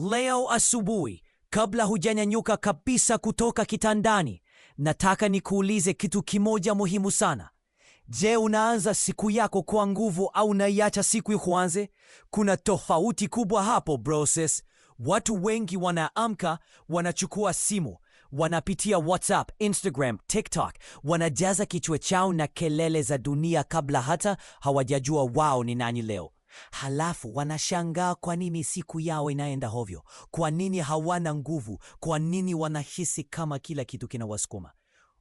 Leo asubuhi, kabla hujanyanyuka kabisa kutoka kitandani, nataka nikuulize kitu kimoja muhimu sana. Je, unaanza siku yako kwa nguvu au unaiacha siku ikuanze? Kuna tofauti kubwa hapo broses. Watu wengi wanaamka, wanachukua simu, wanapitia WhatsApp, Instagram, TikTok, wanajaza kichwa chao na kelele za dunia kabla hata hawajajua wao ni nani leo. Halafu wanashangaa kwa nini siku yao inaenda hovyo, kwa nini hawana nguvu, kwa nini wanahisi kama kila kitu kinawasukuma.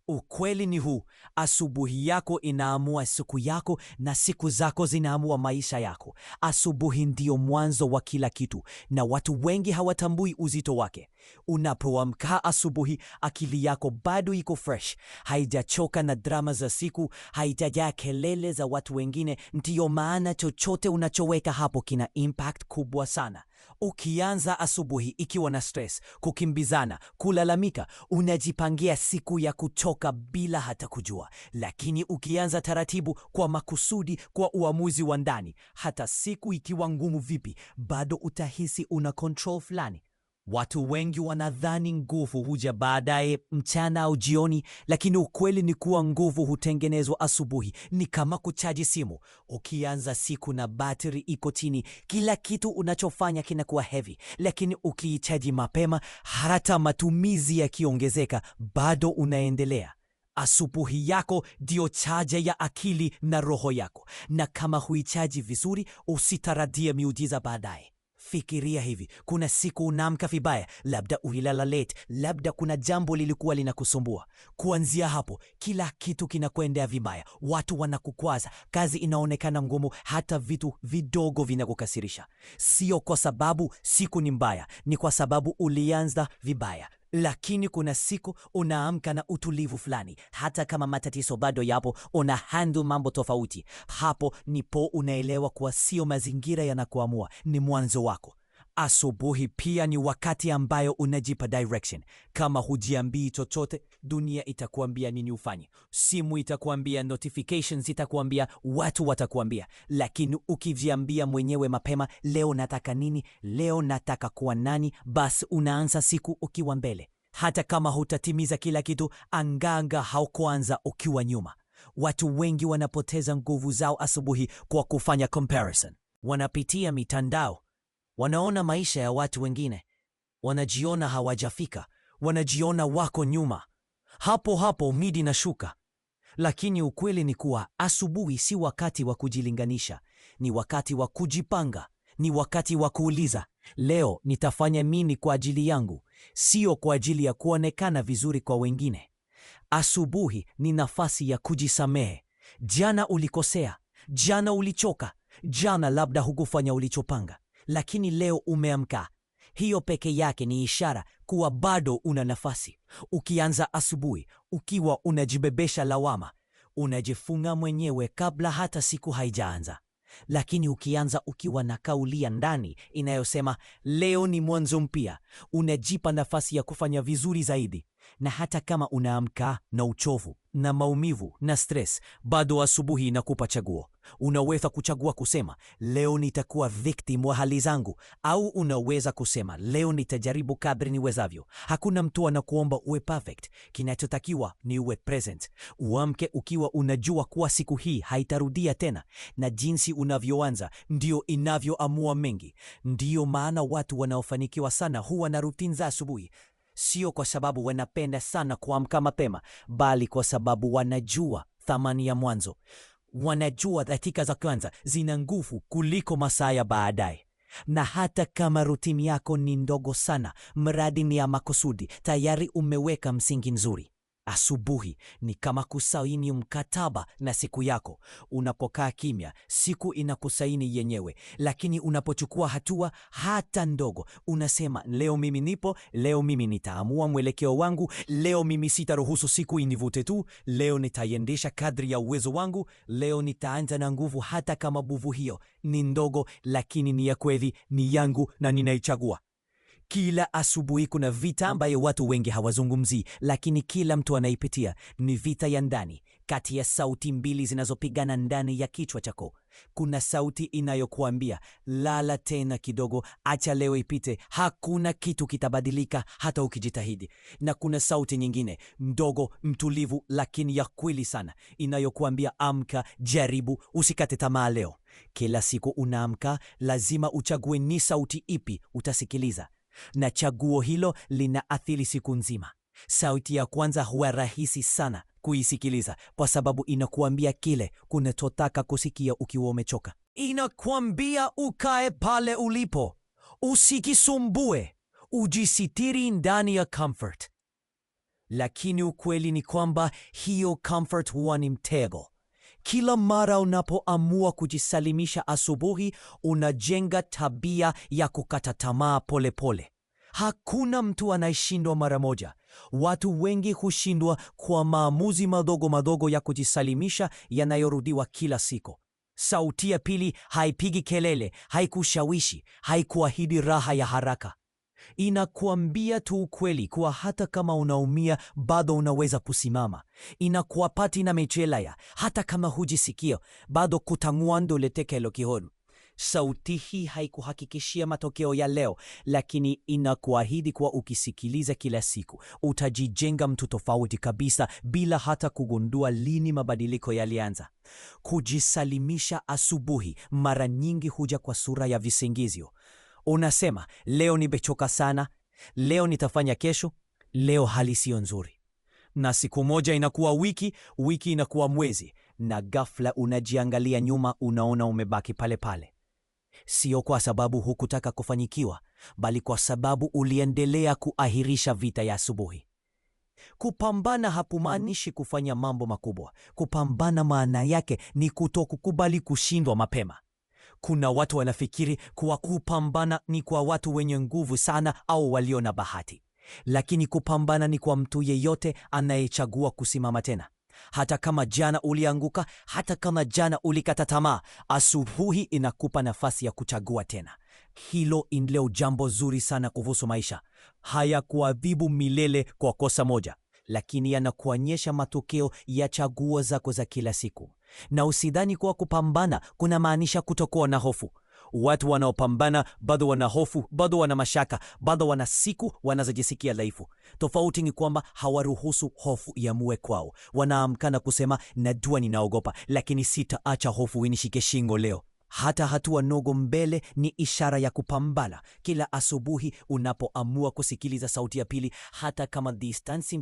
Ukweli ni huu: asubuhi yako inaamua siku yako, na siku zako zinaamua maisha yako. Asubuhi ndiyo mwanzo wa kila kitu, na watu wengi hawatambui uzito wake. Unapoamka asubuhi, akili yako bado iko fresh, haijachoka na drama za siku, haijajaa kelele za watu wengine. Ndiyo maana chochote unachoweka hapo kina impact kubwa sana. Ukianza asubuhi ikiwa na stress, kukimbizana, kulalamika, unajipangia siku ya kuchoka bila hata kujua. Lakini ukianza taratibu, kwa makusudi, kwa uamuzi wa ndani, hata siku ikiwa ngumu vipi, bado utahisi una control fulani. Watu wengi wanadhani nguvu huja baadaye mchana au jioni, lakini ukweli ni kuwa nguvu hutengenezwa asubuhi. Ni kama kuchaji simu. Ukianza siku na batiri iko chini, kila kitu unachofanya kinakuwa heavy, lakini ukiichaji mapema, hata matumizi yakiongezeka, bado unaendelea. Asubuhi yako ndiyo chaja ya akili na roho yako, na kama huichaji vizuri, usitarajie miujiza baadaye. Fikiria hivi, kuna siku unaamka vibaya, labda ulilala late, labda kuna jambo lilikuwa linakusumbua. Kuanzia hapo, kila kitu kinakuendea vibaya, watu wanakukwaza, kazi inaonekana ngumu, hata vitu vidogo vinakukasirisha. Sio kwa sababu siku ni mbaya, ni kwa sababu ulianza vibaya lakini kuna siku unaamka na utulivu fulani, hata kama matatizo bado yapo, una handle mambo tofauti. Hapo nipo unaelewa kuwa sio mazingira yanakuamua, ni mwanzo wako. Asubuhi pia ni wakati ambayo unajipa direction. Kama hujiambii chochote, dunia itakuambia nini ufanye, simu itakuambia, notifications itakuambia, watu watakuambia. Lakini ukijiambia mwenyewe mapema, leo nataka nini, leo nataka kuwa nani, basi unaanza siku ukiwa mbele. Hata kama hutatimiza kila kitu, anganga haukuanza ukiwa nyuma. Watu wengi wanapoteza nguvu zao asubuhi kwa kufanya comparison. Wanapitia mitandao wanaona maisha ya watu wengine, wanajiona hawajafika, wanajiona wako nyuma. Hapo hapo midi na shuka. Lakini ukweli ni kuwa asubuhi si wakati wa kujilinganisha, ni wakati wa kujipanga, ni wakati wa kuuliza, leo nitafanya nini kwa ajili yangu, sio kwa ajili ya kuonekana vizuri kwa wengine. Asubuhi ni nafasi ya kujisamehe. Jana ulikosea, jana ulichoka, jana labda hukufanya ulichopanga lakini leo umeamka. Hiyo peke yake ni ishara kuwa bado una nafasi. Ukianza asubuhi ukiwa unajibebesha lawama, unajifunga mwenyewe kabla hata siku haijaanza. Lakini ukianza ukiwa na kauli ya ndani inayosema leo ni mwanzo mpya, unajipa nafasi ya kufanya vizuri zaidi na hata kama unaamka na uchovu na maumivu na stress, bado asubuhi inakupa chaguo. Unaweza kuchagua kusema leo nitakuwa victim wa hali zangu, au unaweza kusema leo nitajaribu kadri niwezavyo. Hakuna mtu anakuomba uwe perfect, kinachotakiwa ni uwe present. Uamke ukiwa unajua kuwa siku hii haitarudia tena, na jinsi unavyoanza ndio inavyoamua mengi. Ndiyo maana watu wanaofanikiwa sana huwa na rutini za asubuhi sio kwa sababu wanapenda sana kuamka mapema, bali kwa sababu wanajua thamani ya mwanzo. Wanajua dakika za kwanza zina nguvu kuliko masaa ya baadaye na hata kama rutini yako ni ndogo sana, mradi ni ya makusudi, tayari umeweka msingi mzuri. Asubuhi ni kama kusaini mkataba na siku yako. Unapokaa kimya, siku inakusaini yenyewe, lakini unapochukua hatua hata ndogo, unasema leo mimi nipo, leo mimi nitaamua mwelekeo wangu, leo mimi sitaruhusu siku inivute tu, leo nitaiendesha kadri ya uwezo wangu, leo nitaanza na nguvu, hata kama buvu hiyo ni ndogo, lakini ni ya kweli, ni yangu na ninaichagua. Kila asubuhi kuna vita ambayo watu wengi hawazungumzii, lakini kila mtu anaipitia. Ni vita ya ndani, kati ya sauti mbili zinazopigana ndani ya kichwa chako. Kuna sauti inayokuambia lala tena kidogo, acha leo ipite, hakuna kitu kitabadilika hata ukijitahidi, na kuna sauti nyingine ndogo, mtulivu, lakini ya kweli sana, inayokuambia amka, jaribu, usikate tamaa leo. Kila siku unaamka, lazima uchague ni sauti ipi utasikiliza na chaguo hilo linaathiri siku nzima. Sauti ya kwanza huwa rahisi sana kuisikiliza kwa sababu inakuambia kile kunachotaka kusikia ukiwa umechoka. Inakuambia ukae pale ulipo, usikisumbue, ujisitiri ndani ya comfort. Lakini ukweli ni kwamba hiyo comfort huwa ni mtego. Kila mara unapoamua kujisalimisha asubuhi, unajenga tabia ya kukata tamaa polepole. Hakuna mtu anayeshindwa mara moja. Watu wengi hushindwa kwa maamuzi madogo madogo ya kujisalimisha yanayorudiwa kila siku. Sauti ya pili haipigi kelele, haikushawishi, haikuahidi raha ya haraka. Inakuambia tu ukweli kuwa hata kama unaumia bado unaweza kusimama. Inakuapati na ya hata kama hujisikio bado kutang'wando letekelo kihonu. Sauti hii haikuhakikishia matokeo ya leo, lakini inakuahidi kuwa ukisikiliza kila siku utajijenga mtu tofauti kabisa, bila hata kugundua lini mabadiliko yalianza. Kujisalimisha asubuhi mara nyingi huja kwa sura ya visingizio. Unasema leo nimechoka sana, leo nitafanya kesho, leo hali siyo nzuri, na siku moja inakuwa wiki, wiki inakuwa mwezi, na ghafla unajiangalia nyuma, unaona umebaki pale pale. Sio kwa sababu hukutaka kufanyikiwa, bali kwa sababu uliendelea kuahirisha vita ya asubuhi. Kupambana hapumaanishi kufanya mambo makubwa. Kupambana maana yake ni kutokukubali kushindwa mapema. Kuna watu wanafikiri kuwa kupambana ni kwa watu wenye nguvu sana au walio na bahati, lakini kupambana ni kwa mtu yeyote anayechagua kusimama tena. Hata kama jana ulianguka, hata kama jana ulikata tamaa, asubuhi inakupa nafasi ya kuchagua tena. Hilo ndilo jambo zuri sana kuhusu maisha. Hayakuadhibu milele kwa kosa moja lakini yanakuonyesha matokeo ya chaguo zako za kila siku. Na usidhani kuwa kupambana kuna maanisha kutokuwa na hofu. Watu wanaopambana bado wana hofu, bado wana mashaka, bado wana siku wanazojisikia dhaifu. Tofauti ni kwamba hawaruhusu hofu iamue kwao. Wanaamkana kusema, najua ninaogopa, lakini sitaacha hofu inishike shingo leo. Hata hatua ndogo mbele ni ishara ya kupambana. Kila asubuhi unapoamua kusikiliza sauti ya pili, hata kama distansi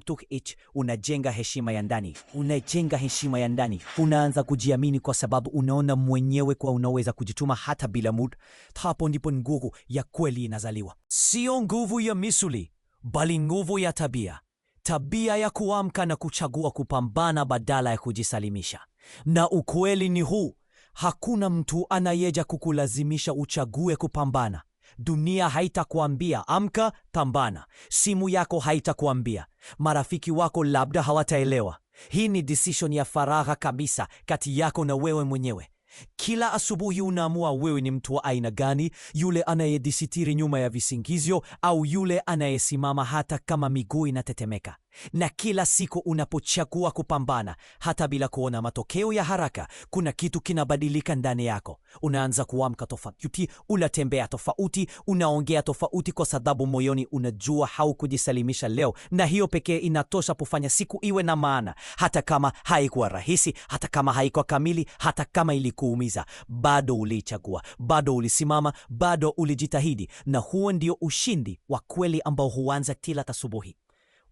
unajenga heshima ya ndani, unajenga heshima ya ndani. Unaanza kujiamini kwa sababu unaona mwenyewe kuwa unaweza kujituma hata bila muda. Hapo ndipo nguvu ya kweli inazaliwa, sio nguvu ya misuli, bali nguvu ya tabia, tabia ya kuamka na kuchagua kupambana badala ya kujisalimisha. Na ukweli ni huu Hakuna mtu anayeja kukulazimisha uchague kupambana. Dunia haitakuambia amka, pambana. Simu yako haitakuambia, marafiki wako labda hawataelewa. Hii ni decision ya faragha kabisa kati yako na wewe mwenyewe. Kila asubuhi unaamua wewe ni mtu wa aina gani, yule anayejisitiri nyuma ya visingizio au yule anayesimama hata kama miguu inatetemeka na kila siku unapochagua kupambana, hata bila kuona matokeo ya haraka, kuna kitu kinabadilika ndani yako. Unaanza kuamka tofauti, unatembea tofauti, unaongea tofauti, kwa sababu moyoni unajua haukujisalimisha leo, na hiyo pekee inatosha kufanya siku iwe na maana. Hata kama haikuwa rahisi, hata kama haikuwa kamili, hata kama ilikuumiza, bado uliichagua, bado ulisimama, bado ulijitahidi, na huo ndio ushindi wa kweli ambao huanza kila asubuhi.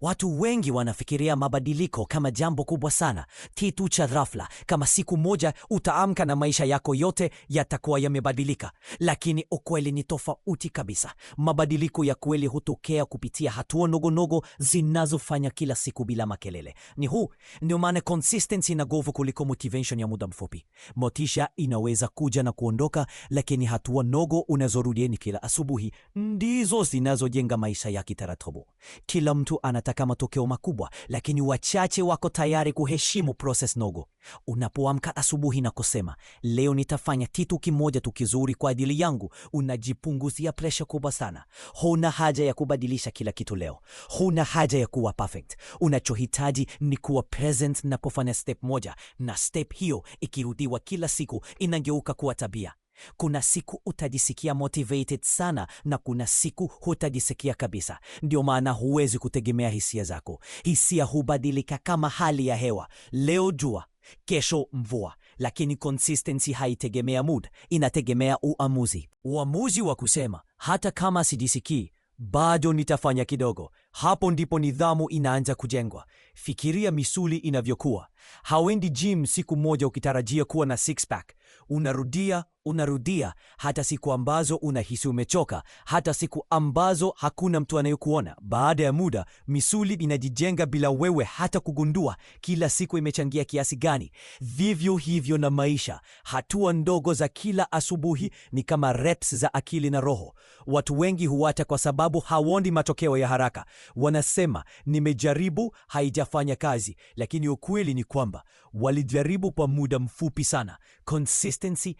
Watu wengi wanafikiria mabadiliko kama jambo kubwa sana, kitu cha ghafla, kama siku moja utaamka na maisha yako yote yatakuwa yamebadilika. Lakini ukweli ni tofauti kabisa. Mabadiliko ya kweli hutokea kupitia hatua ndogo zinazofanya kila siku bila makelele. Ni huu ndio maana consistency na nguvu kuliko motivation ya muda mfupi. Motisha inaweza kuja na kuondoka, lakini hatua ndogo unazorudieni kila asubuhi ndizo zinazojenga maisha ya kitaratibu. Kila mtu anataka matokeo makubwa, lakini wachache wako tayari kuheshimu proses ndogo. Unapoamka asubuhi na kusema leo nitafanya kitu kimoja tu kizuri kwa ajili yangu, unajipunguzia presha kubwa sana. Huna haja ya kubadilisha kila kitu leo, huna haja ya kuwa perfect. Unachohitaji ni kuwa present na kufanya step moja, na step hiyo ikirudiwa kila siku inageuka kuwa tabia. Kuna siku utajisikia motivated sana na kuna siku hutajisikia kabisa. Ndio maana huwezi kutegemea hisia zako. Hisia hubadilika kama hali ya hewa, leo jua, kesho mvua, lakini consistency haitegemea mood, inategemea uamuzi. Uamuzi wa kusema hata kama sijisikii bado nitafanya kidogo. Hapo ndipo nidhamu inaanza kujengwa. Fikiria misuli inavyokuwa. Hauendi gym siku moja ukitarajia kuwa na six pack, unarudia unarudia hata siku ambazo unahisi umechoka, hata siku ambazo hakuna mtu anayekuona. Baada ya muda, misuli inajijenga bila wewe hata kugundua kila siku imechangia kiasi gani. Vivyo hivyo na maisha, hatua ndogo za kila asubuhi ni kama reps za akili na roho. Watu wengi huata kwa sababu hawaoni matokeo ya haraka. Wanasema nimejaribu, haijafanya kazi, lakini ukweli ni kwamba walijaribu kwa muda mfupi sana. Consistency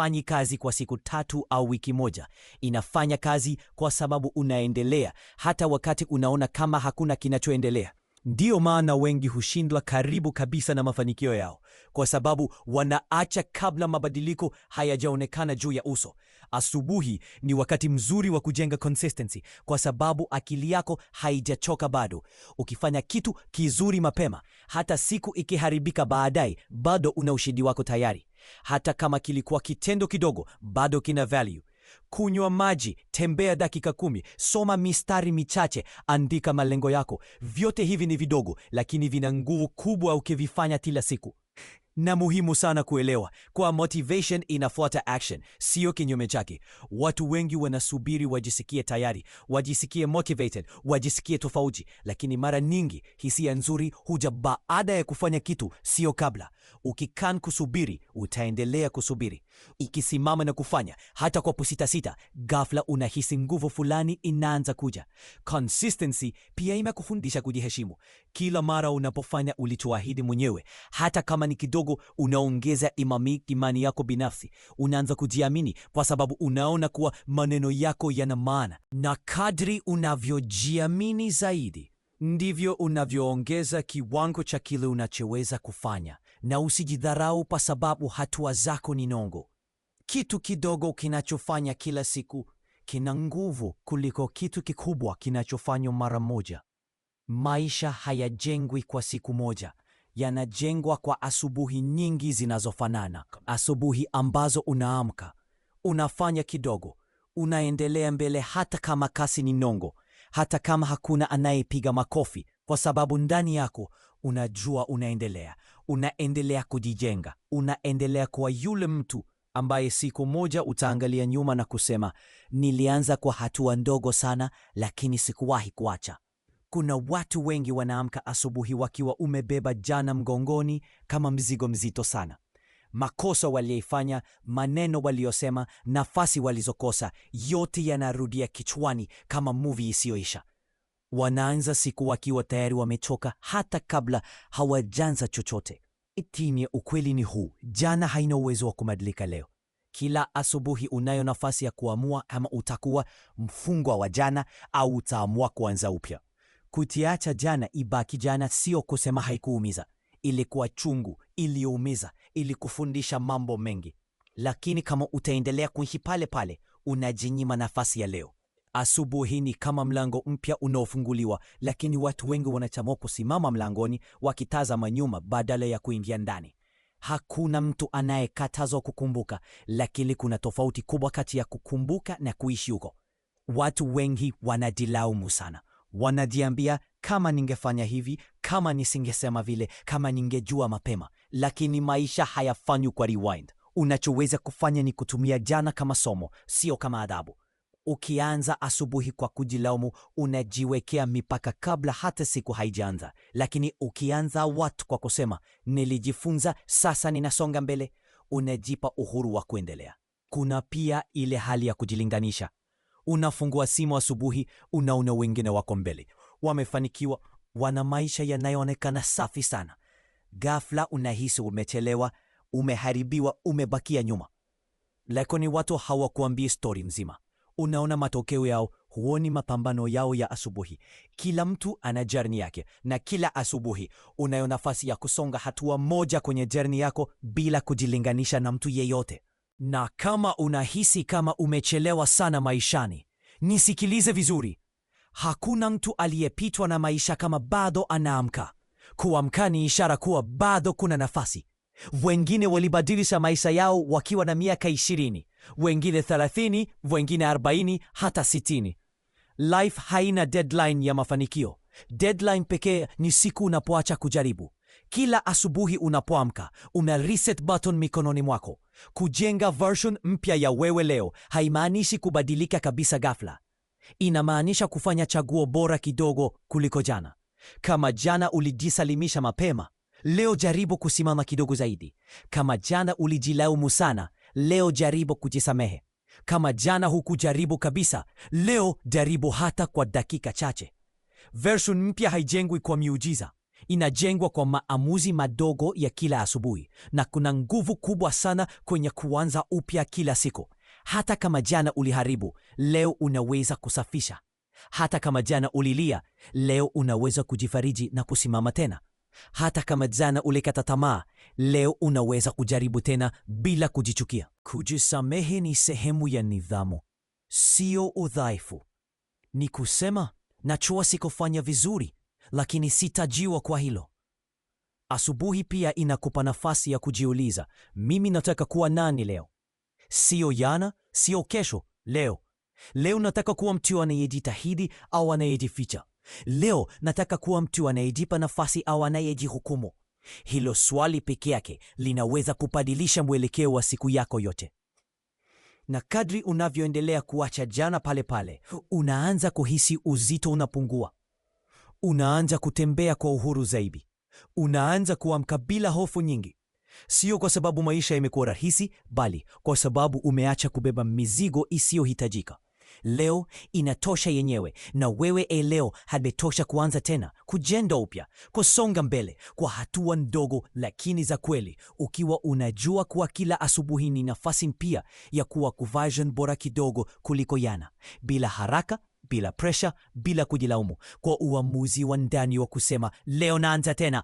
haifanyi kazi kwa siku tatu au wiki moja. Inafanya kazi kwa sababu unaendelea hata wakati unaona kama hakuna kinachoendelea. Ndiyo maana wengi hushindwa karibu kabisa na mafanikio yao, kwa sababu wanaacha kabla mabadiliko hayajaonekana juu ya uso. Asubuhi ni wakati mzuri wa kujenga consistency, kwa sababu akili yako haijachoka bado. Ukifanya kitu kizuri mapema, hata siku ikiharibika baadaye, bado una ushindi wako tayari. Hata kama kilikuwa kitendo kidogo, bado kina value kunywa maji, tembea dakika kumi, soma mistari michache, andika malengo yako. Vyote hivi ni vidogo, lakini vina nguvu kubwa ukivifanya kila siku. Na muhimu sana kuelewa kwa motivation inafuata action, sio kinyume chake. Watu wengi wanasubiri wajisikie tayari, wajisikie motivated, wajisikie tofauti, lakini mara nyingi hisia nzuri huja baada ya kufanya kitu, sio kabla. Ukikan kusubiri, utaendelea kusubiri. Ikisimama na kufanya hata kwa kusitasita, ghafla unahisi nguvu fulani inaanza kuja. Consistency pia imekufundisha kujiheshimu. Kila mara unapofanya ulichoahidi mwenyewe, hata kama ni kidogo, unaongeza imami imani yako binafsi. Unaanza kujiamini kwa sababu unaona kuwa maneno yako yana maana, na kadri unavyojiamini zaidi ndivyo unavyoongeza kiwango cha kile unachoweza kufanya. Na usijidharau kwa sababu hatua zako ni nongo kitu kidogo kinachofanya kila siku kina nguvu kuliko kitu kikubwa kinachofanywa mara moja. Maisha hayajengwi kwa siku moja, yanajengwa kwa asubuhi nyingi zinazofanana, asubuhi ambazo unaamka, unafanya kidogo, unaendelea mbele, hata kama kasi ni nongo, hata kama hakuna anayepiga makofi, kwa sababu ndani yako unajua unaendelea, unaendelea kujijenga, unaendelea kuwa yule mtu ambaye siku moja utaangalia nyuma na kusema, nilianza kwa hatua ndogo sana, lakini sikuwahi kuacha. Kuna watu wengi wanaamka asubuhi wakiwa umebeba jana mgongoni kama mzigo mzito sana: makosa waliyoifanya, maneno waliyosema, nafasi walizokosa, yote yanarudia kichwani kama muvi isiyoisha. Wanaanza siku wakiwa tayari wamechoka, hata kabla hawajanza chochote. Timya, ukweli ni huu: jana haina uwezo wa kubadilika leo. Kila asubuhi unayo nafasi ya kuamua kama utakuwa mfungwa wa jana au utaamua kuanza upya. Kutiacha jana ibaki jana sio kusema haikuumiza. Ilikuwa chungu, iliumiza, ilikufundisha mambo mengi, lakini kama utaendelea kuishi pale pale, unajinyima nafasi ya leo. Asubuhi ni kama mlango mpya unaofunguliwa, lakini watu wengi wanachamua kusimama mlangoni wakitazama nyuma badala ya kuingia ndani. Hakuna mtu anayekatazwa kukumbuka, lakini kuna tofauti kubwa kati ya kukumbuka na kuishi huko. Watu wengi wanajilaumu sana, wanajiambia kama ningefanya hivi, kama nisingesema vile, kama ningejua mapema. Lakini maisha hayafanywi kwa rewind. Unachoweza kufanya ni kutumia jana kama somo, sio kama adhabu. Ukianza asubuhi kwa kujilaumu, unajiwekea mipaka kabla hata siku haijaanza. Lakini ukianza watu kwa kusema nilijifunza, sasa ninasonga mbele, unajipa uhuru wa kuendelea. Kuna pia ile hali ya kujilinganisha. Unafungua simu asubuhi, unaona wengine wako mbele, wamefanikiwa, wana maisha yanayoonekana safi sana. Ghafla unahisi umechelewa, umeharibiwa, umebakia nyuma. Lakini watu hawakuambii stori mzima unaona matokeo yao, huoni mapambano yao ya asubuhi. Kila mtu ana jerni yake, na kila asubuhi unayo nafasi ya kusonga hatua moja kwenye jerni yako bila kujilinganisha na mtu yeyote. Na kama unahisi kama umechelewa sana maishani, nisikilize vizuri. Hakuna mtu aliyepitwa na maisha kama bado anaamka. Kuamka ni ishara kuwa bado kuna nafasi. Wengine walibadilisha maisha yao wakiwa na miaka ishirini, wengine 30, wengine 40, hata 60. Life haina deadline ya mafanikio. Deadline pekee ni siku unapoacha kujaribu. Kila asubuhi unapoamka, una reset button mikononi mwako. Kujenga version mpya ya wewe leo haimaanishi kubadilika kabisa ghafla. Inamaanisha kufanya chaguo bora kidogo kuliko jana. Kama jana ulijisalimisha mapema, leo jaribu kusimama kidogo zaidi. Kama jana ulijilaumu sana, leo jaribu kujisamehe. Kama jana hukujaribu kabisa, leo jaribu hata kwa dakika chache. Version mpya haijengwi kwa miujiza, inajengwa kwa maamuzi madogo ya kila asubuhi, na kuna nguvu kubwa sana kwenye kuanza upya kila siku. Hata kama jana uliharibu, leo unaweza kusafisha. Hata kama jana ulilia, leo unaweza kujifariji na kusimama tena. Hata kama jana ulikata tamaa, leo unaweza kujaribu tena bila kujichukia. Kujisamehe ni sehemu ya nidhamu, sio udhaifu. Ni kusema najua sikufanya vizuri, lakini sitajiwa kwa hilo. Asubuhi pia inakupa nafasi ya kujiuliza, mimi nataka kuwa nani leo? Sio jana, sio kesho, leo. Leo nataka kuwa mtu anayejitahidi au anayejificha. Leo nataka kuwa mtu anayejipa nafasi au anayejihukumu. Hilo swali peke yake linaweza kubadilisha mwelekeo wa siku yako yote. Na kadri unavyoendelea kuacha jana pale pale, unaanza kuhisi uzito unapungua. Unaanza kutembea kwa uhuru zaidi. Unaanza kuamka bila hofu nyingi, sio kwa sababu maisha yamekuwa rahisi, bali kwa sababu umeacha kubeba mizigo isiyohitajika. Leo inatosha yenyewe, na wewe eleo eh, hametosha kuanza tena kujenda upya, kusonga mbele kwa hatua ndogo lakini za kweli, ukiwa unajua kuwa kila asubuhi ni nafasi mpya ya kuwa version bora kidogo kuliko yana bila haraka, bila presha, bila kujilaumu, kwa uamuzi wa ndani wa kusema leo naanza tena.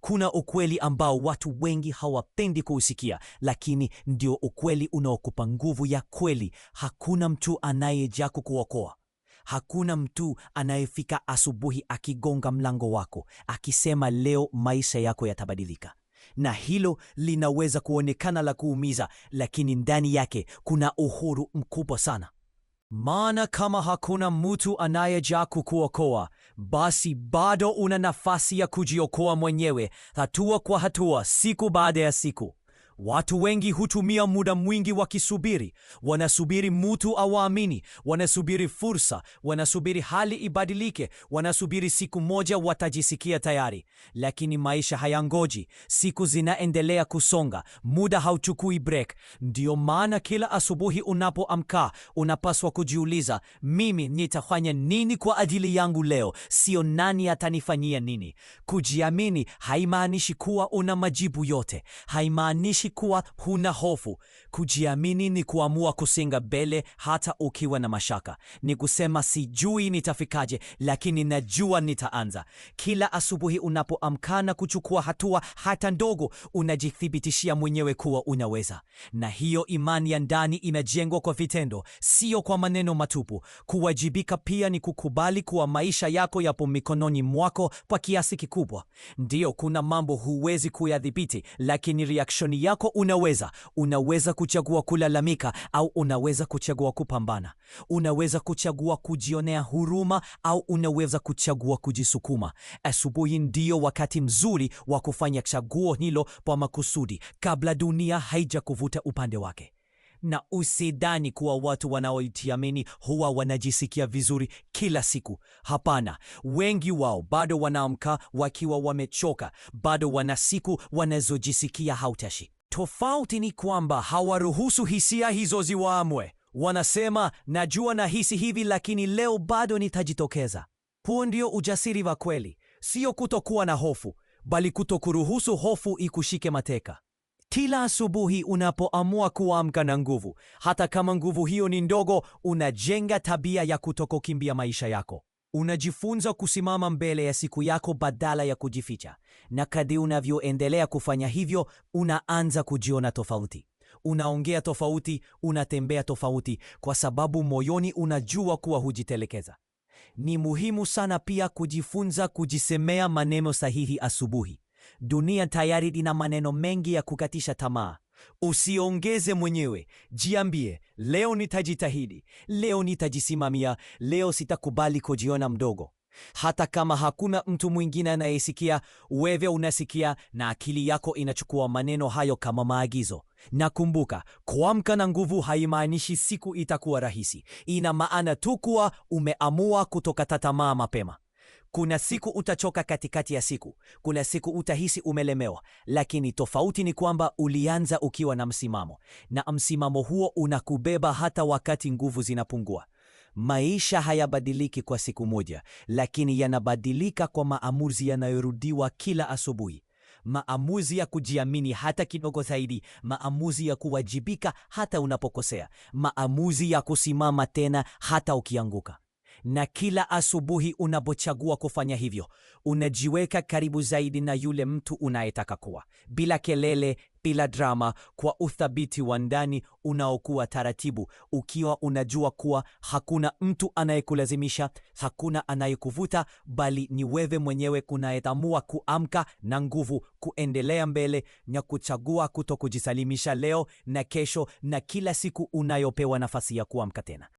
Kuna ukweli ambao watu wengi hawapendi kuusikia, lakini ndio ukweli unaokupa nguvu ya kweli. Hakuna mtu anayejaa kukuokoa. Hakuna mtu anayefika asubuhi akigonga mlango wako akisema leo maisha yako yatabadilika. Na hilo linaweza kuonekana la kuumiza, lakini ndani yake kuna uhuru mkubwa sana. Maana kama hakuna mtu anayejaa kukuokoa, basi bado una nafasi ya kujiokoa mwenyewe, hatua kwa hatua, siku baada ya siku. Watu wengi hutumia muda mwingi wakisubiri. Wanasubiri mutu awaamini, wanasubiri fursa, wanasubiri hali ibadilike, wanasubiri siku moja watajisikia tayari. Lakini maisha hayangoji, siku zinaendelea kusonga, muda hauchukui break. Ndiyo maana kila asubuhi unapoamka unapaswa kujiuliza, mimi nitafanya nini kwa ajili yangu leo, sio nani atanifanyia nini. Kujiamini haimaanishi kuwa una majibu yote, haimaanishi kuwa huna hofu. Kujiamini ni kuamua kusinga mbele hata ukiwa na mashaka, ni kusema sijui nitafikaje, lakini najua nitaanza. Kila asubuhi unapoamkana kuchukua hatua hata ndogo, unajithibitishia mwenyewe kuwa unaweza, na hiyo imani ya ndani inajengwa kwa vitendo, sio kwa maneno matupu. Kuwajibika pia ni kukubali kuwa maisha yako yapo mikononi mwako kwa kiasi kikubwa. Ndiyo, kuna mambo huwezi kuyadhibiti, lakini reaction yako yako unaweza. Unaweza kuchagua kulalamika au unaweza kuchagua kupambana. Unaweza kuchagua kujionea huruma au unaweza kuchagua kujisukuma. Asubuhi ndio wakati mzuri wa kufanya chaguo hilo kwa makusudi, kabla dunia haijakuvuta upande wake. Na usidhani kuwa watu wanaojiamini huwa wanajisikia vizuri kila siku. Hapana, wengi wao bado wanaamka wakiwa wamechoka, bado wana siku wanazojisikia hautashi. Tofauti ni kwamba hawaruhusu hisia hizo ziwaamwe. Wanasema, najua na hisi hivi, lakini leo bado nitajitokeza. Huo ndio ujasiri wa kweli, sio kutokuwa na hofu, bali kutokuruhusu hofu ikushike mateka. Kila asubuhi unapoamua kuamka na nguvu, hata kama nguvu hiyo ni ndogo, unajenga tabia ya kutokokimbia maisha yako. Unajifunza kusimama mbele ya siku yako badala ya kujificha, na kadri unavyoendelea kufanya hivyo, unaanza kujiona tofauti. Unaongea tofauti, unatembea tofauti, kwa sababu moyoni unajua kuwa hujitelekeza. Ni muhimu sana pia kujifunza kujisemea maneno sahihi asubuhi. Dunia tayari ina maneno mengi ya kukatisha tamaa, Usiongeze mwenyewe, jiambie, leo nitajitahidi, leo nitajisimamia, leo sitakubali kujiona mdogo. Hata kama hakuna mtu mwingine anayesikia, wewe unasikia na akili yako inachukua maneno hayo kama maagizo. Na kumbuka, kuamka na nguvu haimaanishi siku itakuwa rahisi. Ina maana tu kuwa umeamua kutokata tamaa mapema. Kuna siku utachoka katikati ya siku, kuna siku utahisi umelemewa, lakini tofauti ni kwamba ulianza ukiwa na msimamo, na msimamo huo unakubeba hata wakati nguvu zinapungua. Maisha hayabadiliki kwa siku moja, lakini yanabadilika kwa maamuzi yanayorudiwa kila asubuhi. Maamuzi ya kujiamini hata kidogo zaidi, maamuzi ya kuwajibika hata unapokosea, maamuzi ya kusimama tena hata ukianguka na kila asubuhi unapochagua kufanya hivyo, unajiweka karibu zaidi na yule mtu unayetaka kuwa, bila kelele, bila drama, kwa uthabiti wa ndani unaokuwa taratibu, ukiwa unajua kuwa hakuna mtu anayekulazimisha, hakuna anayekuvuta, bali ni wewe mwenyewe unayetamua kuamka na nguvu, kuendelea mbele na kuchagua kutokujisalimisha leo na kesho na kila siku unayopewa nafasi ya kuamka tena.